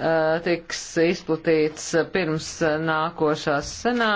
Eh, tiks izplatīts eh, pirms eh, nākošās senā.